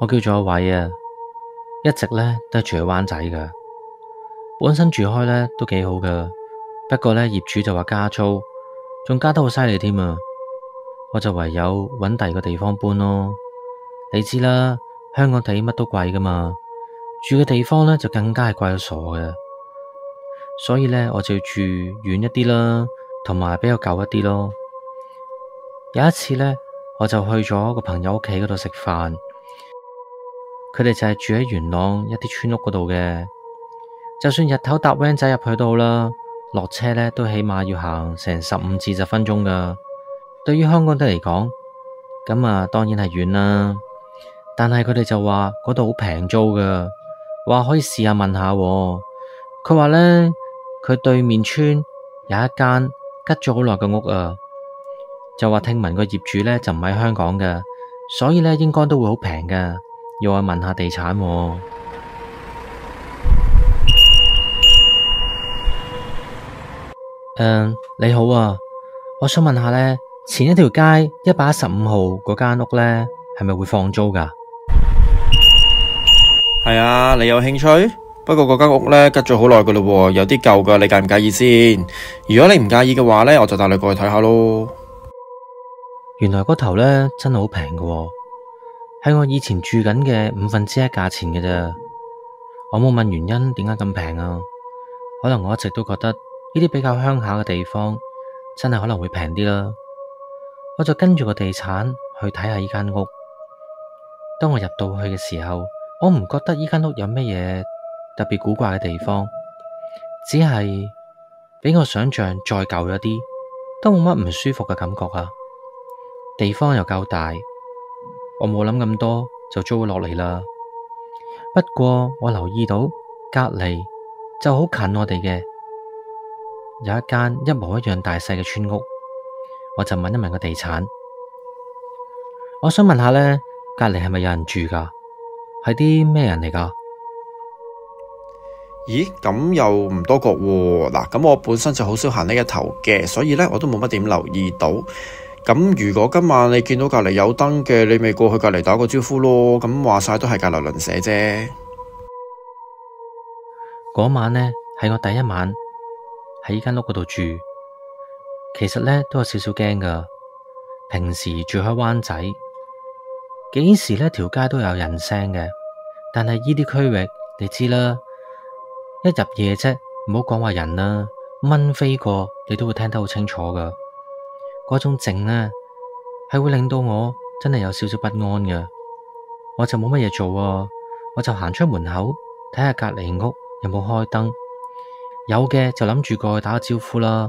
我叫做阿偉啊，一直呢都係住喺灣仔㗎，本身住開呢都幾好㗎。不過呢，業主就話加租，仲加得好犀利添啊！我就唯有揾第二個地方搬咯。你知啦，香港地乜都貴噶嘛，住嘅地方呢就更加係貴到傻嘅，所以呢，我就要住遠一啲啦，同埋比較舊一啲咯。有一次呢，我就去咗個朋友屋企嗰度食飯，佢哋就係住喺元朗一啲村屋嗰度嘅，就算日頭搭 van 仔入去都好啦。落車咧，都起碼要行成十五至十分鐘噶，對於香港人嚟講，咁啊當然係遠啦。但係佢哋就話嗰度好平租噶，話可以試下問下。佢話咧，佢對面村有一間吉咗好耐嘅屋啊，就話聽聞個業主咧就唔喺香港嘅，所以咧應該都會好平噶，要我問下地產。誒，uh，你好啊！我想問下呢，前一條街一百一十五號嗰間屋呢，係咪會放租噶？係啊，你有興趣？不過嗰間屋呢，隔咗好耐噶咯，有啲舊噶，你介唔介意先？如果你唔介意嘅話呢，我就帶你過去睇下咯。原來嗰頭呢，真係好平噶，係我以前住緊嘅五分之一價錢嘅啫。我冇問原因，點解咁平啊？可能我一直都覺得。呢啲比較鄉下嘅地方，真係可能會平啲啦。我就跟住個地產去睇下呢間屋。當我入到去嘅時候，我唔覺得呢間屋有咩嘢特別古怪嘅地方，只係比我想象再舊咗啲，都冇乜唔舒服嘅感覺啊。地方又夠大，我冇諗咁多就租咗落嚟啦。不過我留意到隔籬就好近我哋嘅。有一間一模一樣大細嘅村屋，我就問一問個地產，我想問下呢，隔籬係咪有人住噶？係啲咩人嚟噶？咦，咁又唔多過喎嗱，咁我本身就好少行呢一頭嘅，所以呢，我都冇乜點留意到。咁如果今晚你見到隔籬有燈嘅，你咪過去隔籬打個招呼咯。咁話晒都係隔籬人舍啫。嗰晚呢，係我第一晚。喺呢間屋嗰度住，其實咧都有少少驚噶。平時住喺灣仔，幾時呢條街都有人聲嘅。但係呢啲區域你知啦，一入夜啫，唔好講話人啦，蚊飛過你都會聽得好清楚噶。嗰種靜呢，係會令到我真係有少少不安噶。我就冇乜嘢做喎，啊，我就行出門口睇下隔籬屋有冇開燈。有嘅就諗住過去打個招呼啦。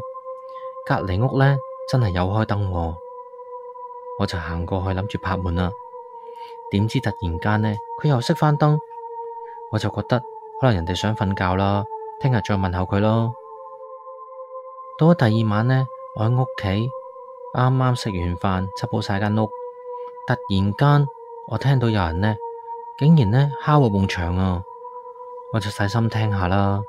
隔籬屋呢，真係有開燈喎，我就行過去諗住拍門啦。點知突然間呢，佢又熄翻燈，我就覺得可能人哋想瞓覺啦。聽日再問候佢咯。到咗第二晚呢，我喺屋企啱啱食完飯，執好晒間屋，突然間我聽到有人呢，竟然呢敲我門牆啊！我就細心聽下啦。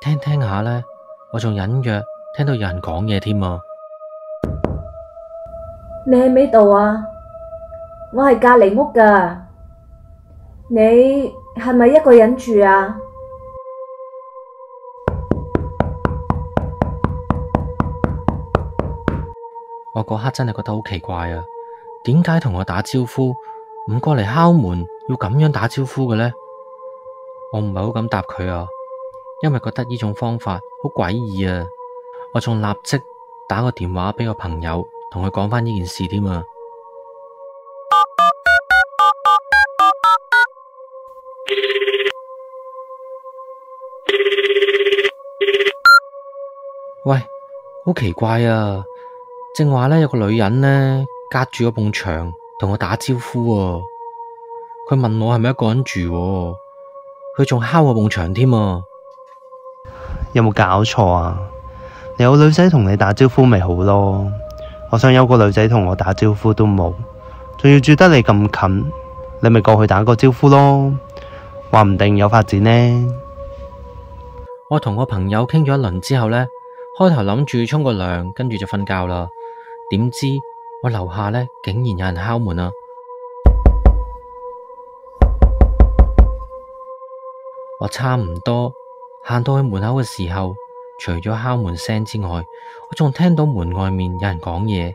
聽聽下呢，我仲隱約聽到有人講嘢添啊。你喺咪度啊？我係隔籬屋噶。你係咪一個人住啊？我嗰刻真係覺得好奇怪啊！點解同我打招呼唔過嚟敲門，要咁樣打招呼嘅呢？我唔係好敢答佢啊！因為覺得呢種方法好詭異啊，我仲立即打個電話俾個朋友，同佢講翻呢件事添啊！喂，好奇怪啊！正話呢，有個女人呢，隔住嗰埲牆同我打招呼，啊，佢問我係咪一個人住，佢仲敲我埲牆添啊！有冇搞錯啊？有女仔同你打招呼咪好咯？我想有個女仔同我打招呼都冇，仲要住得你咁近，你咪過去打個招呼咯，話唔定有發展呢。我同個朋友傾咗一輪之後呢，開頭諗住沖個涼，跟住就瞓覺啦。點知我樓下呢，竟然有人敲門啊！我差唔多。行到去門口嘅時候，除咗敲門聲之外，我仲聽到門外面有人講嘢：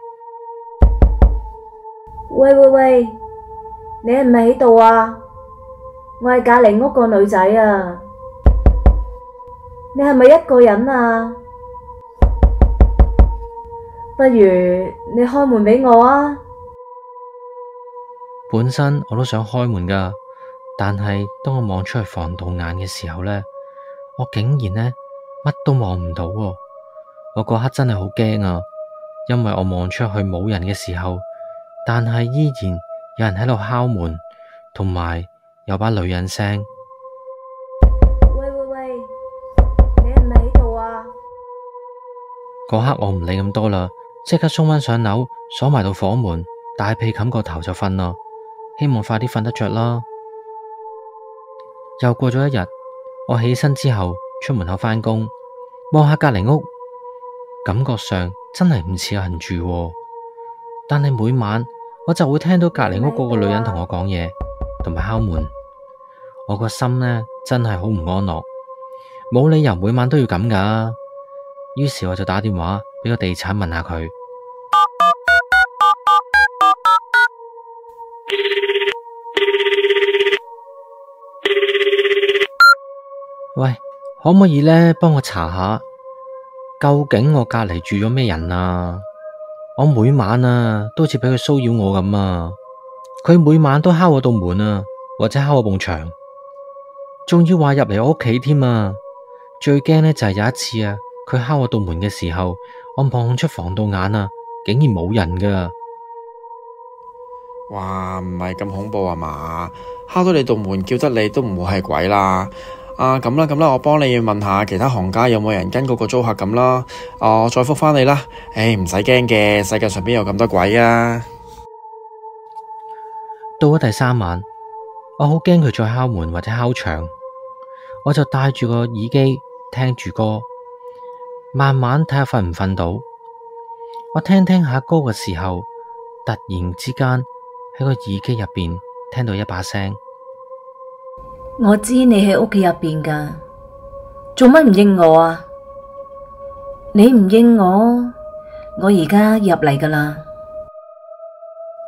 「喂喂喂，你係唔係喺度啊？我係隔籬屋個女仔啊，你係咪一個人啊？不如你開門俾我啊。本身我都想開門噶，但係當我望出去防盜眼嘅時候呢。」我竟然呢乜都望唔到。啊，我嗰刻真係好驚啊！因為我望出去冇人嘅時候，但係依然有人喺度敲門，同埋有，有把女人聲。喂喂喂，你係唔係喺度啊？嗰刻我唔理咁多啦，即刻衝返上樓，鎖埋到房門，大被冚個頭就瞓啦，希望快啲瞓得着啦。又過咗一日。我起身之後出門口返工，望下隔籬屋，感覺上真係唔似有人住喎。但係每晚我就會聽到隔籬屋嗰個女人同我講嘢，同埋敲門。我個心呢真係好唔安樂，冇理由每晚都要咁噶。於是我就打電話俾個地產問下佢。喂，可唔可以咧幫我查下，究竟我隔籬住咗咩人啊？我每晚啊都好似俾佢騷擾我咁啊！佢每晚都敲我道門啊，或者敲我埲牆，仲要話入嚟我屋企添啊！最驚咧就係有一次啊，佢敲我道門嘅時候，我望出防盜眼啊，竟然冇人噶。哇，唔係咁恐怖啊嘛！敲到你道門叫得你都唔會係鬼啦～啊，咁啦，咁啦，我幫你問下其他行家有冇人跟嗰個租客咁啦，啊，我再復返你啦。唉，哎，唔使驚嘅，世界上邊有咁多鬼啊。到咗第三晚，我好驚佢再敲門或者敲牆，我就戴住個耳機聽住歌，慢慢睇下瞓唔瞓到。我聽聽下歌嘅時候，突然之間喺個耳機入邊聽到一把聲。我知你喺屋企入邊㗎，做乜唔應我啊？你唔應我，我而家入嚟㗎喇！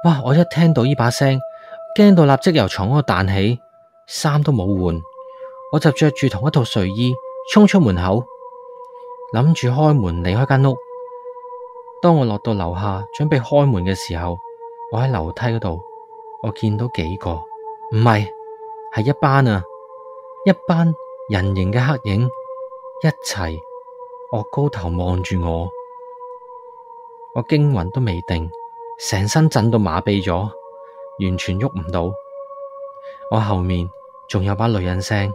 哇！我一聽到呢把聲，驚到立即由床嗰度彈起，衫都冇換，我就着住同一套睡衣衝出門口，諗住開門離開間屋。當我落到樓下準備開門嘅時候，我喺樓梯嗰度，我見到幾個唔係。係一班啊，一班人形嘅黑影一齊惡高頭望住我，我驚魂都未定，成身震到麻痹咗，完全喐唔到。我後面仲有把女人聲，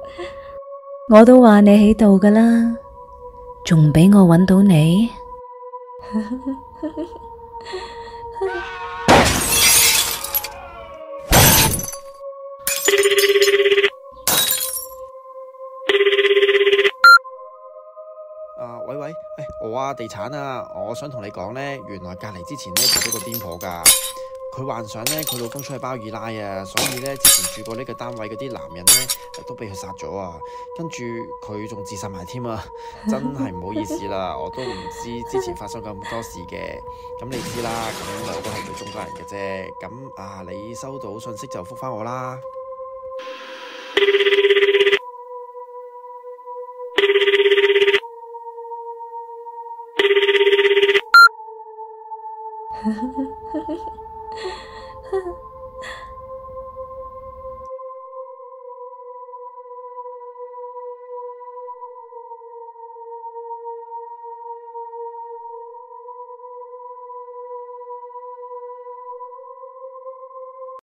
我都話你喺度㗎啦，仲俾我揾到你。 啊喂、呃、喂，我啊地產啊，我想同你講呢，原來隔籬之前呢，住嗰個癲婆噶，佢幻想呢，佢老公出去包二奶啊，所以呢，之前住過呢個單位嗰啲男人呢，啊、都俾佢殺咗啊，跟住佢仲自殺埋添啊，真係唔好意思啦，我都唔知之前發生咁多事嘅，咁你知啦，咁我都係中間人嘅啫，咁啊你收到信息就覆翻我啦。呵呵呵呵呵。呵。